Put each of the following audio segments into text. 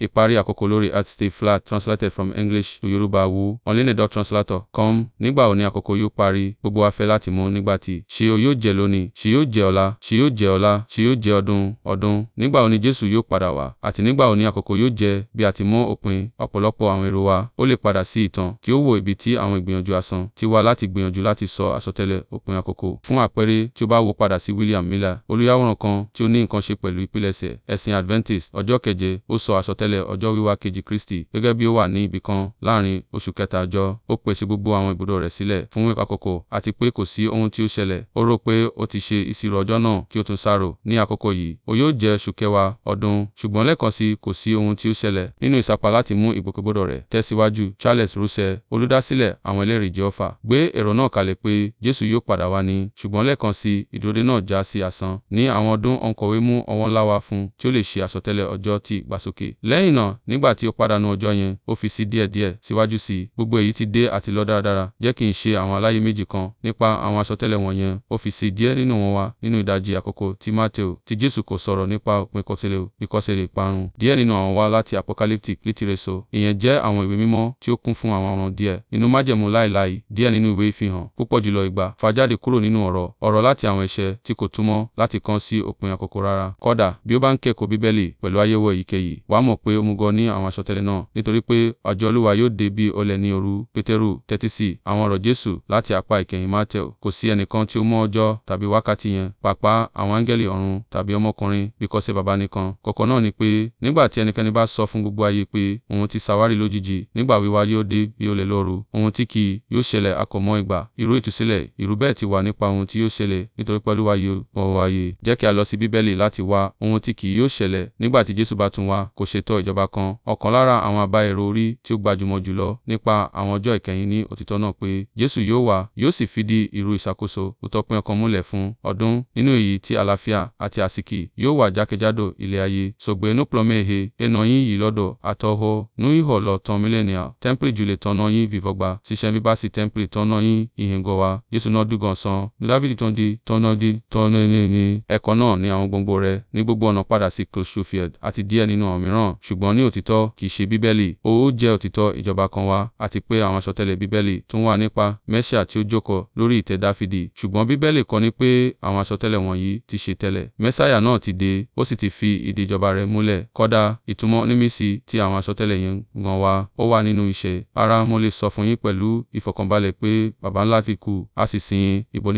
Ìparí àkókò lórí at stay flat translated from English to Yoruba wu onlinedot translator com. Nígbà wo ni àkókò yóò parí? Gbogbo wa fẹ́ láti mọ̀ nígbà tí. Ṣé o yóò jẹ́ lónìí? Ṣé yóò jẹ́ ọ̀la? Ṣé yóò jẹ́ ọ̀la? Ṣé yóò jẹ́ ọdún? Ọdún. Nígbà wo ni Jésù yóò padà wá? Àti nígbà wo ni àkókò yóò jẹ́ bí a ti mọ òpin ọ̀pọ̀lọpọ̀ àwọn èrò wa? Ó lè padà sí ìtàn kí ó wo ibi tí àwọn ìgbìyànjú asán ti wá láti gbìyànjú láti sọ àsọtẹ́lẹ̀ òpin àkókò. Fún àpẹẹrẹ, tí o bá wò padà sí William Miller, olùyàwòrán kan tí ó ní nǹkan ṣe pẹ̀lú ìpilẹ̀ṣẹ̀ ẹ̀sìn Adventist, ọjọ́ keje, ó sọ àsọtẹ́lẹ̀ àsọtẹ́lẹ̀ ọjọ́ wíwá kejì Kristi, gẹ́gẹ́ bí ó wà ní ibi kan láàrin oṣù kẹta ọjọ́, ó pèsè gbogbo àwọn ibùdó rẹ̀ sílẹ̀ fún àkókò, àti pé kò sí ohun tí ó ṣẹlẹ̀. Ó rò pé ó ti ṣe ìṣirò ọjọ́ náà kí ó tún ṣàrò. Ní àkókò yìí, ó yóò jẹ́ oṣù kẹwàá ọdún, ṣùgbọ́n lẹ́ẹ̀kan sí kò sí ohun tí ó ṣẹlẹ̀ nínú ìsapá láti mú ìgbòkègbodò rẹ̀ tẹ̀síwájú. Charles Russell, olùdásílẹ̀ àwọn ẹlẹ́rìí Jèhófà, gbé èrò náà kalẹ̀ pé Jésù yóò padà wá ní, ṣùgbọ́n lẹ́ẹ̀kan sí ìdúródé náà já sí asán. Ní àwọn ọdún òǹkọ̀wé Lẹ́yìn náà, nígbà tí ó pàdánù ọjọ́ yẹn, ó fi sí díẹ̀díẹ̀ síwájú sí i. Gbogbo èyí ti dé àti lọ dáradára. Jẹ́ kí n ṣe àwọn àlàyé méjì kan nípa àwọn àsọtẹ́lẹ̀ wọ̀nyẹn. Ó fi sí díẹ̀ nínú wọn wá nínú ìdajì àkọ́kọ́ ti Mateo. Ti Jesu kò sọ̀rọ̀ nípa òpin kọ̀sẹ̀lẹ̀ ìkọ̀sẹ̀lẹ̀ ìparun. Díẹ̀ nínú àwọn wá láti Apocalyptic litireso. Ìyẹn jẹ́ àwọn ìwé mímọ́ tí ó kún fún àwọn ọ̀ràn díẹ̀ nínú májẹ̀mú láéláé. Díẹ̀ nínú ìwé ìfihàn púpọ̀ jùlọ ìgbà fàjáde kúrò nínú ọ̀rọ̀. Ọ̀rọ̀ láti àwọn ẹ̀ṣẹ̀ tí kò túmọ̀ láti kàn sí òpin àkọ́kọ́ rárá. Kódà bí ó bá ń kẹ́kọ̀ọ́ Bíbélì pẹ̀lú àyẹ̀wò èyíkéyìí, wàá mọ̀ pé pé ó múgọ ní àwọn àsọtẹ́lẹ̀ náà, nítorí pé ọjọ́ Olúwa yóò dé bí olè ní òru. Pétérù tẹ́tí sí àwọn ọ̀rọ̀ Jésù láti apá ìkẹyìn Mátẹ̀ò. Kò sí ẹnìkan tí ó mọ ọjọ́ tàbí wákàtí yẹn, pàápàá àwọn áńgẹ́lì ọ̀run tàbí ọmọkùnrin bí kò nìkan. Kókó náà ni pé nígbà tí ẹnikẹ́ni bá sọ fún gbogbo ayé pé òun ti ṣàwárí lójijì, nígbà wíwá yóò dé bí olè lóru, ohun tí kì yóò ṣẹlẹ̀ a kò mọ ìgbà. Irú ìtúsílẹ̀ irú bẹ́ẹ̀ ti wà nípa ohun tí yóò ṣẹlẹ̀ nítorí pé Olúwa yóò wọ ayé. Jẹ́ kí a lọ sí Bíbélì láti wá ohun tí kì yóò ṣẹlẹ̀ nígbà tí Jésù bá tún wá, kò ṣetọ́ ọjọ́ ìjọba kan. Ọ̀kan lára àwọn àbá èrò orí tí ó gbajúmọ̀ jùlọ nípa àwọn ọjọ́ ìkẹyìn ní òtítọ́ náà pé Jesu yóò wá, yóò sì fìdí irú ìṣàkóso ìtọpinpin ọkàn múlẹ̀ fún ọdún nínú èyí tí àlàáfíà àti àsìkí yóò wà jákèjádò ilẹ̀ ayé. Sògbé nú plọ̀mẹ́ èhe, ẹnà yín yìí lọ́dọ̀ àtọ̀họ, nú ìhọ̀ lọ tán mílẹ̀nìà, tẹ́ḿpìlì jùlẹ̀ tọ̀nà yín vìvọ́gba, ṣiṣẹ́ bíbá sí tẹ́ḿpìlì tọ̀nà yín ìhìngọ̀ wa, Jesu náà dùgàn san, Dávìdì tán di, tọ̀nà di, tọ̀nà ní ẹ̀kọ́ náà ní àwọn gbòǹgbò rẹ̀ ní gbogbo ọ̀nà padà sí Close àti díẹ̀ nínú àwọn mìíràn ṣùgbọ́n ní òtítọ́ kì í ṣe Bíbélì, ó jẹ́ òtítọ́ ìjọba kan wá, àti pé àwọn àsọtẹ́lẹ̀ Bíbélì tún wà nípa Mẹ́ṣíà tí ó jókòó lórí ìtẹ́ Dáfídì. Ṣùgbọ́n Bíbélì kọ́ni pé àwọn àsọtẹ́lẹ̀ wọ̀nyí ti ṣẹ tẹ́lẹ̀. Mẹ́sáyà náà ti dé, ó sì ti fi ìdí ìjọba rẹ̀ múlẹ̀. Kódà ìtumọ̀ nímísí tí àwọn àsọtẹ́lẹ̀ yẹn gan wa, ó wà nínú iṣẹ́. Ará, mo lè sọ fún yín pẹ̀lú ìfọ̀kànbalẹ̀ pé baba ńlá ti kú, a sì sin ín, ibo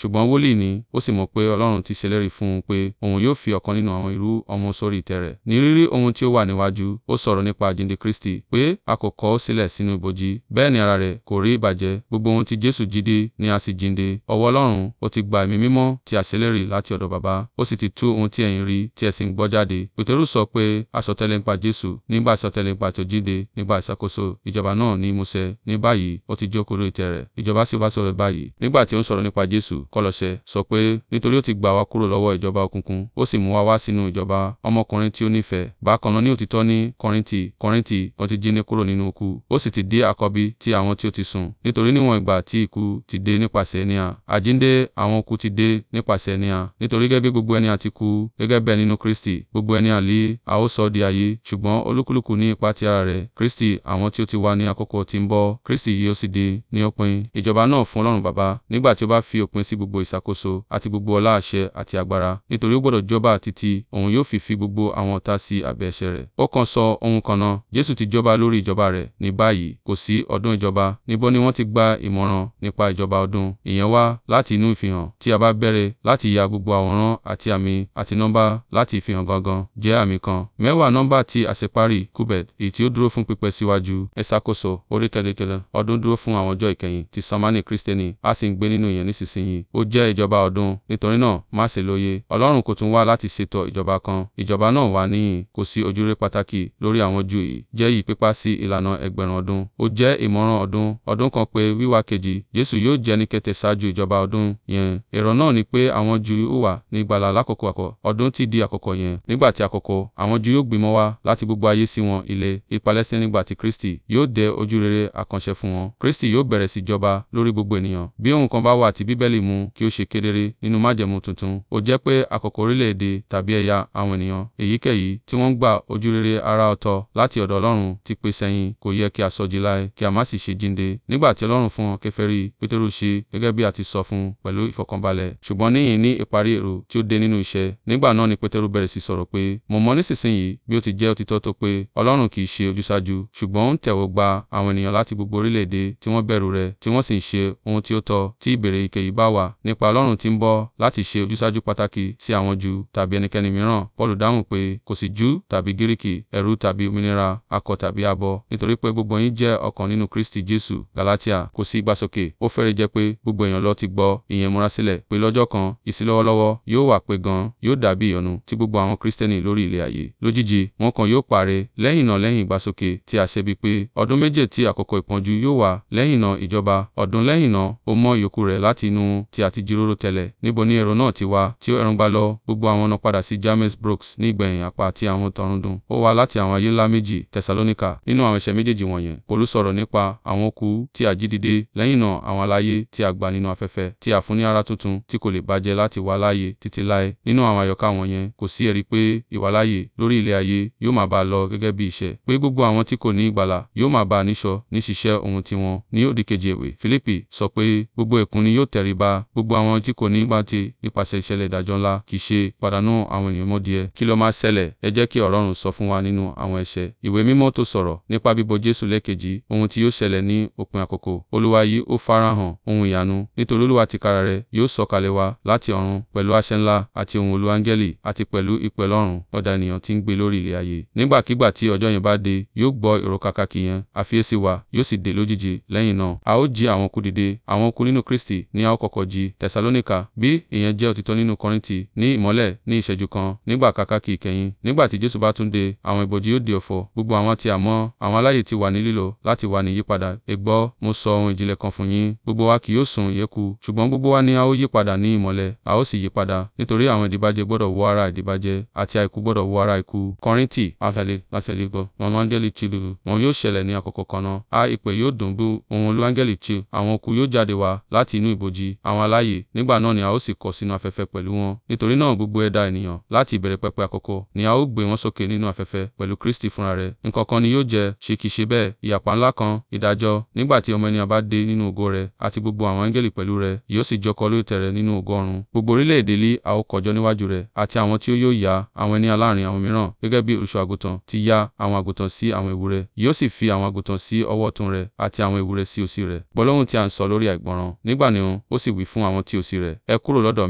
Ṣùgbọ́n wòlíì ni, ó sì mọ̀ pé Ọlọ́run ti ṣèlérí fún un pé òun yóò fi ọ̀kan nínú àwọn irú ọmọ sórí ìtẹ́ rẹ̀. Ní rírí ohun tí ó wà níwájú, ó sọ̀rọ̀ nípa àjíǹde Kristi, pé a kò kọ ọ́ sílẹ̀ sínú ibojì, bẹ́ẹ̀ ni ara rẹ̀ kò rí ìbàjẹ́, gbogbo ohun tí Jesu jí dé ni a sì jíǹde. Ọwọ́ Ọlọ́run, ó ti gba Ẹ̀mí Mímọ́ tí a ṣèlérí láti ọ̀dọ̀ Baba, ó sì ti tú ohun tí ẹ̀yin rí tí ẹ sì ń gbọ́ jáde. Peteru sọ pé àsọtẹ́lẹ̀ nípa Jesu, nígbà àsọtẹ́lẹ̀ nípa tí ó jíǹde, nígbà ìṣàkóso ìjọba náà ní ìmúṣẹ, ní báyìí ó ti jókòó lórí ìtẹ́ rẹ̀, ìjọba sì wá sọ̀rọ̀ báyìí. Nígbà tí ó ń sọ̀rọ̀ nípa Jesu, Kọ́lọ́sẹ̀ sọ pé nítorí ó ti gbà wá kúrò lọ́wọ́ ìjọba òkùnkùn, ó sì mú wa wá sínú ìjọba ọmọkùnrin tí ó nífẹ̀ẹ́, bákan náà ni ó òtítọ́ ní Kọ́ríńtì, Kọ́ríńtì, ó ti jíǹde kúrò nínú ikú, ó sì ti di àkọ́bí ti àwọn tí ó ti sùn. Nítorí níwọ̀n ìgbà tí ikú ti dé nípasẹ̀ ènìyàn, àjíǹde àwọn òkú ti dé nípasẹ̀ ènìyàn. Nítorí gẹ́gẹ́ bí gbogbo ènìyàn ti kú, gẹ́gẹ́ bẹ́ẹ̀ nínú Kristi, gbogbo ènìyàn li a ó sọ di ayé, ṣùgbọ́n olúkúlùkù ní ipa ti ara rẹ̀. Kristi, àwọn tí ó ti wà ní àkókò tí ń bọ̀, Kristi yóò sì di ní òpin. Ìjọba náà fún Ọlọ́run Baba, nígbà tí ó bá fi òpin sí gbogbo ìṣàkóso àti gbogbo ọlá àṣẹ àti agbára, nítorí ó gbọdọ̀ jọba títí òun yóò fi fi gbogbo àwọn ọ̀tá sí abẹ́ ẹsẹ̀ rẹ̀ ó kàn sọ ohun kan náà. Jésù ti jọba lórí ìjọba rẹ̀ ní báyìí, kò sí ọdún ìjọba. Níbo ni wọ́n ti gba ìmọ̀ràn nípa ìjọba ọdún? Ìyẹn wá láti inú ìfihàn. Tí a bá bẹ̀rẹ̀ láti ya gbogbo àwòrán àti àmì àti nọ́mbà láti ìfihàn gangan jẹ́ àmì kan. Mẹ́wàá nọ́mbà ti àṣeparí Kubed, èyí tí ó dúró fún pípẹ́ síwájú, ìṣàkóso, orí kẹlẹkẹlẹ. Ọdún dúró fún àwọn ọjọ́ ìkẹyìn ti Samani Kristẹni, a sì ń gbé nínú ìyẹn nísinsìnyí. Ó jẹ́ ìjọba ọdún, nítorí náà má ṣe lóye. Ọlọ́run kò tún wá láti ṣètò ìjọba kan. Ìjọba náà wà níhìn, kò sí ojúrere pàtàkì lórí àwọn Júù yìí jẹ́ yìí pípa sí ìlànà ẹgbẹ̀rún ọdún. Ó jẹ́ ìmọ̀ràn ọdún, ọdún kan pé wíwá kejì, Jésù yóò jẹ́ ní kété ṣáájú ìjọba ọdún yẹn. Èrò náà ni pé àwọn Júù yóò wà ní ìgbàlà lákòókò àkọ́, ọdún ti di àkókò yẹn. Nígbà tí àkókò, àwọn Júù yóò gbìmọ̀ wá láti gbogbo ayé sí wọn ilé, ìpalẹ́sẹ̀ nígbà tí Kristi yóò dé ojúrere àkànṣe fún wọn. Kristi yóò bẹ̀rẹ̀ sí jọba lórí gbogbo ènìyàn. Bí ohun kan bá wà tí Bíbélì mú kí ó ṣe kedere nínú májẹ̀mú tuntun, ó jẹ́ pé àkókò orílẹ̀-èdè tàbí ẹ̀yà àwọn ènìyàn, èyíkéyìí tí wọ́n ń gba ojú ìtọ́jú rere ara ọ̀tọ̀ láti ọ̀dọ̀ Ọlọ́run ti pè sẹ́yìn, kò yẹ kí a sọjí láé, kí a má sì ṣe jíǹde. Nígbà tí Ọlọ́run fún wọn kèfèrí, Peteru ṣe, gẹ́gẹ́ bí a ti sọ fún un, pẹ̀lú ìfọ̀kànbalẹ̀. Ṣùgbọ́n níhìn-ín ní ìparí èrò tí ó dé nínú iṣẹ́, nígbà náà ni Peteru bẹ̀rẹ̀ sí sọ̀rọ̀ pé, mo mọ̀ nísinsìnyí bí ó ti jẹ́ òtítọ́ tó pé, Ọlọ́run kì í ṣe ojúsàájú, ṣùgbọ́n ó ń tẹ́wọ́ gba àwọn ènìyàn láti gbogbo orílẹ̀-èdè tí wọ́n bẹ̀rù rẹ̀, tí wọ́n sì ń ṣe ohun tí ó tọ́, tí ìbéèrè èyíkéyìí bá wà nípa Ọlọ́run tí ń bọ̀ láti ṣe ojúsàájú pàtàkì sí àwọn Júù tàbí ẹnikẹ́ni mìíràn. Paulu dáhùn pé, kò sí Júù tàbí Gíríkì, kìkì, ẹ̀rù tàbí òmìnira, akọ tàbí abo, nítorí pé gbogbo yín jẹ́ ọ̀kan nínú Kristi Jésù. Galatia, kò sí ìgbàsókè, ó fẹ́rẹ̀ jẹ́ pé gbogbo èèyàn ló ti gbọ́, ìyẹn múra sílẹ̀, pé lọ́jọ́ kan, ìsílọ́wọ́lọ́wọ́, yóò wà pé gan, yóò dàbí ìyọnu tí gbogbo àwọn Kristẹni lórí ilẹ̀ ayé. Lójijì, wọn kan yóò parẹ́, lẹ́yìn náà lẹ́yìn ìgbàsókè tí a ṣe bí pé, ọdún méje tí àkókò ìpọ́njú yóò wà, lẹ́yìn náà ìjọba, ọdún lẹ́yìn náà, ó mọ ìyókù rẹ̀ láti inú ohun tí a ti jíròrò tẹ́lẹ̀. Níbo ni èrò náà ti wá, tí ó ẹ̀rùngbà lọ, gbogbo àwọn ọ̀nà padà sí James Brooks ní ìgbẹ̀yìn apá tí àwọn tọ̀run dùn ó wá láti àwọn ayé ńlá méjì Tẹsalóníkà. Nínú àwọn ẹsẹ̀ méjèèjì wọ̀nyẹn, Paulu sọ̀rọ̀ nípa àwọn òkú tí a jí dìde, lẹ́yìn náà àwọn aláyé tí a gbà nínú afẹ́fẹ́, tí a fún ní ara tuntun tí kò lè bàjẹ́ láti wà láàyè títí láé. Nínú àwọn àyọkà wọ̀nyẹn, kò sí ẹ̀rí pé ìwàláàyè lórí ilẹ̀ ayé yóò máa bá a lọ gẹ́gẹ́ bí iṣẹ́, pé gbogbo àwọn tí kò ní ìgbàlà yóò máa bá a níṣọ ní ṣíṣẹ́ ohun tiwọn. Ní òdìkejì èwe, Filipi sọ pé gbogbo ẹ̀kún ni yóò tẹríba, gbogbo àwọn tí kò ní ìgbàtí nípasẹ̀ ìṣẹ̀lẹ̀ ìdájọ́ ńlá kì í ṣe pàdánù àwọn ènìyàn mọ́ Kí ló máa ṣẹlẹ̀? Ẹ jẹ́ kí Ọlọ́run sọ fún wa nínú àwọn ẹ̀ṣẹ̀. Ìwé mímọ́ tó sọ̀rọ̀ nípa bíbọ Jésù lẹ́ẹ̀kejì, ohun tí yóò ṣẹlẹ̀ ní òpin àkókò. Olúwa yìí ó farahàn ohun ìyanu, nítorí Olúwa tìkára rẹ̀ yóò sọ̀kalẹ̀ wá láti ọ̀run pẹ̀lú àṣẹ ńlá àti ohùn olú áńgẹ́lì àti pẹ̀lú ìpẹ̀lọ́run ọ̀dà ènìyàn tí ń gbé lórí ilẹ̀ ayé. Nígbàkigbà tí ọjọ́ yẹn bá dé, yóò gbọ́ ìrọ́kàkàkì yẹn, àfiyèsí wa yóò sì dé lójijì. Lẹ́yìn náà, a ó jí àwọn kú dìde, àwọn kú nínú Kristi ni a ó kọ́kọ́ jí. Tẹsalónìkà, bí ìyẹn jẹ́ òtítọ́ nínú Kọ́ríńtì, ní ìmọ́lẹ̀ ní ìṣẹ́jú kan, nígbà kàkàkì ìkẹyìn, nígbà tí Jésù bá tún dé, ṣe, àwọn ibojì yóò di òfò, gbogbo àwọn tí a mọ̀, àwọn aláàyè ti wà ní lílò láti wà ní ìyípadà. Ẹ gbọ́, mo sọ ohun ìjìnlẹ̀ kan fún yín, gbogbo wa kì yóò sun ìyẹ̀kù, ṣùgbọ́n gbogbo wa ni a ó yípadà ní ìmọ́lẹ̀, a ó sì yípadà, nítorí àwọn ìdíbàjẹ́ gbọdọ̀ wọ ara ìdíbàjẹ́, àti àìkú gbọdọ̀ wọ ara ikú. Kọ́ríńtì, afẹ́lẹ́, láfẹ́lẹ́ gbọ́, wọn áńgẹ́lì ti lù, wọn yóò ṣẹlẹ̀ ní àkókò kan náà, a ìpè yóò dùn bú, ohùn olú áńgẹ́lì ti, àwọn òkú yóò jáde wá láti inú ibojì, àwọn aláàyè, nígbà náà ni a ó sì kọ̀ sínú afẹ́fẹ́ pẹ̀lú wọn, nítorí náà gbogbo ẹ̀dá ènìyàn, láti ìbẹ̀rẹ̀ pẹpẹ àkókò, ni a ó gbé wọn sókè nínú afẹ́fẹ́ afẹ́fẹ́ pẹ̀lú Kristi fúnra rẹ̀. Nǹkan kan ni yóò jẹ́, ṣe kì í ṣe bẹ́ẹ̀, ìyapa ńlá kan, ìdájọ́, nígbà tí ọmọ ènìyàn bá dé nínú ògo rẹ̀, àti gbogbo àwọn áńgẹ́lì pẹ̀lú rẹ̀, yóò sì jókòó lórí ìtẹ́ nínú ògo ọ̀run. Gbogbo orílẹ̀-èdè ilẹ̀ a ó níwájú rẹ̀, àti àwọn tí ó yóò ya àwọn ènìyàn láàrín àwọn mìíràn, gẹ́gẹ́ bí olùṣọ́ ti ya àwọn àgùntàn sí àwọn ìwo rẹ̀, yóò sì fi àwọn àgùntàn sí ọwọ́ ọ̀tún rẹ̀, àti àwọn ìwo rẹ̀ sí òsì rẹ̀. Gbólóhùn tí a ń sọ lórí àìgbọràn. Nígbà náà, ó sì wí fún àwọn tí òsì rẹ̀, Ẹ kúrò lọ́dọ̀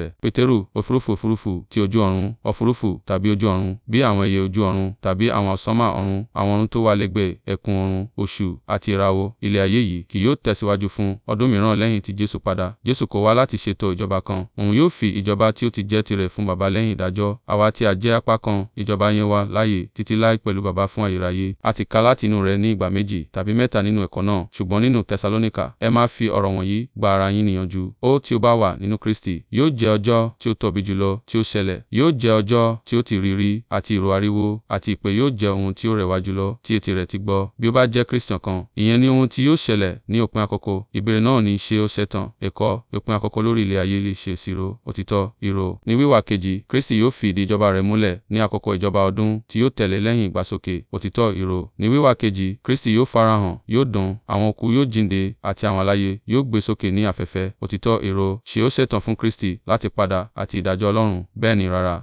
rẹ̀. Pétérù, òfurufú òfurufú ti ojú ọ̀run, òfurufú tàbí ojú ọ̀run, bí àwọn ẹyẹ ojú ọ̀run tàbí àwọn àsánmà ọ̀run, àwọn ọ̀run tó wà lẹ́gbẹ̀ẹ́ ẹ̀kún ọ̀run, oṣù, àti ìràwọ̀, ilẹ̀ ayé yìí kì yóò tẹ̀síwájú fún ọdún mìíràn lẹ́yìn tí Jesu padà. Jesu kò wá láti ṣètò ìjọba kan, òun yóò fi ìjọba tí ó ti jẹ́ tirẹ̀ fún Baba lẹ́yìn ìdájọ́. Àwa tí a jẹ́ apá kan ìjọba yẹn wà láàyè títí láé pẹ̀lú Baba fún ayérayé. A ti kà láti inú rẹ̀ ní ìgbà méjì tàbí mẹ́ta nínú ẹ̀kọ́ náà, ṣùgbọ́n nínú Tẹsalóníkà, ẹ máa fi ọ̀rọ̀ wọ̀nyí gba ara yín níyànjú. Ó tí ó bá wà nínú Kristi, yóò jẹ́ ọjọ́ ọjọ́ tí ó tóbi jùlọ tí ó ṣẹlẹ̀. Yóò jẹ́ ọjọ́ tí ó ti rírí àti ìró ariwo àti ìpè yóò jẹ́ ohun tí ó rẹwà jùlọ tí etí rẹ̀ ti gbọ́. Bí ó bá jẹ́ Kristian kan, ìyẹn ni ohun tí yóò ṣẹlẹ̀ ní òpin àkókò. Ìbéèrè náà ni ṣé ó ṣetán? Ẹ̀kọ́ òpin àkókò lórí ilẹ̀ ayé lè ṣe ìṣirò òtítọ́ ìró. Ní wíwà kejì, Kristi yóò fi ìdí ìjọba rẹ̀ múlẹ̀ ní àkókò ìjọba ọdún tí yóò tẹ̀lé lẹ́yìn ìgbàsókè òtítọ́ ìró. Ní wíwà kejì, Kristi yóò farahàn, yóò dùn, àwọn òkú yóò jíǹde àti àwọn aláyé yóò gbé sókè ní afẹ́fẹ́ òtítọ́ ìró. Ṣé ó ṣetán fún Kristi láti pa ìyípadà àti ìdájọ́ Ọlọ́run. Bẹ́ẹ̀ ni, rárá.